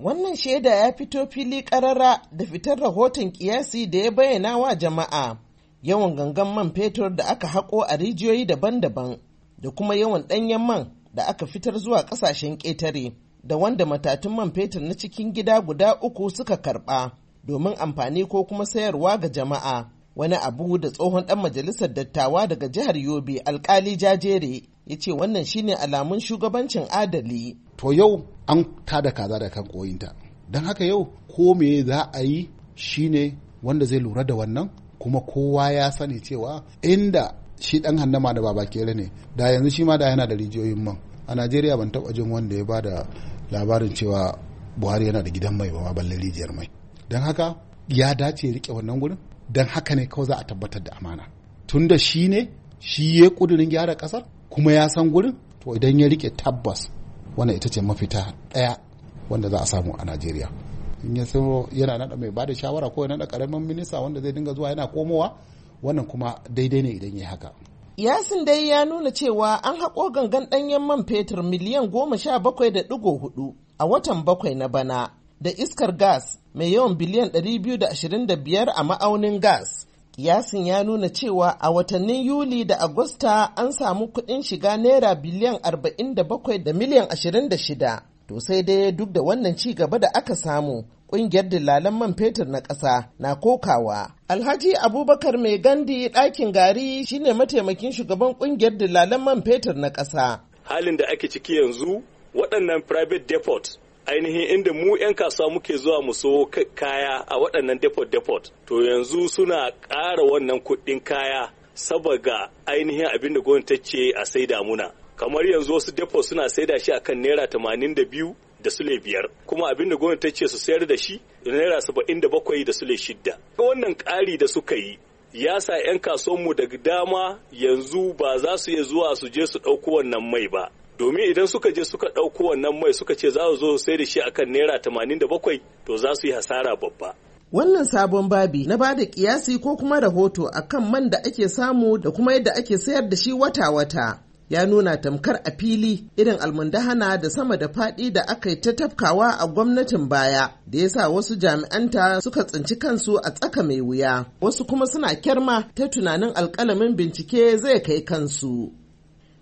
Wannan shaida ya fito fili ƙarara da fitar rahoton kiyasi da ya bayyana wa jama'a yawan gangan man fetur da aka haƙo a rijiyoyi daban-daban da kuma yawan ɗanyen man da aka fitar zuwa ƙasashen ƙetare da wanda matatun man fetur na cikin gida guda uku suka karɓa domin amfani ko kuma sayarwa ga jama'a. Wani abu da tsohon ɗan majalisar dattawa daga jihar Yobe alkali jajere ya ce wannan shine alamun shugabancin adali. to yau an ta da kaza da kan koyinta don haka yau ko me za a yi shine wanda zai lura da wannan kuma kowa ya sani cewa inda shi dan hannama da baba kere ne da yanzu shi ma da yana da rijiyoyin man a najeriya ban taba jin wanda ya bada labarin cewa buhari yana da gidan mai ba balle rijiyar mai don haka ya dace rike wannan gurin don haka ne kawai za a tabbatar da amana Tunda shi ne shi ya kudurin gyara kasar kuma ya san gurin to idan ya rike tabbas wannan ita ce mafita ɗaya wanda za a samu a najeriya in ya so yana nada mai bada shawara ko nada karamin minista wanda zai dinga zuwa yana komowa wannan kuma daidai ne idan ya haka yasin dai ya nuna cewa an haƙo gangan ɗanyen man fetur miliyan goma sha bakwai da ɗigo hudu a watan bakwai na bana da iskar gas mai yawan biliyan ɗari biyu da da biyar a ma'aunin gas yasin ya nuna cewa a watannin Yuli da Agusta an samu kuɗin shiga Naira biliyan 47 da miliyan 26. To sai dai duk da wannan ci gaba da aka samu, ƙungiyar dillalan man fetur na ƙasa na kokawa. Alhaji Abubakar Mai Gandi ɗakin gari shine mataimakin shugaban ƙungiyar dillalan man fetur na ƙasa. Halin da ake ciki yanzu waɗannan private depot ainihin inda mu 'yan kasuwa muke zuwa mu so kaya a waɗannan depot depot to yanzu suna ƙara wannan kuɗin kaya saboda ainihin abin da gwamnati ce a saida muna kamar yanzu wasu depot suna saida shi akan naira tamanin da biyu da sule biyar kuma abin da gwamnati ce su sayar da shi da naira saba'in da bakwai da sule shidda wannan ƙari da suka yi ya sa 'yan kasuwanmu daga dama yanzu ba za su iya zuwa su je su ɗauko wannan mai ba domin idan suka je suka ɗauko wannan mai suka ce za su zo sai da shi akan naira tamanin da bakwai to za su yi hasara babba Wannan sabon babi na bada kiyasi ko kuma rahoto a kan man da ake samu da kuma yadda ake sayar da shi wata-wata. ya nuna tamkar a fili irin almundahana da sama da faɗi da aka yi ta tafkawa a gwamnatin baya da ya sa wasu jami'anta suka tsinci kansu a tsaka mai wuya wasu kuma suna kyarma ta tunanin alkalamin bincike zai kai kansu.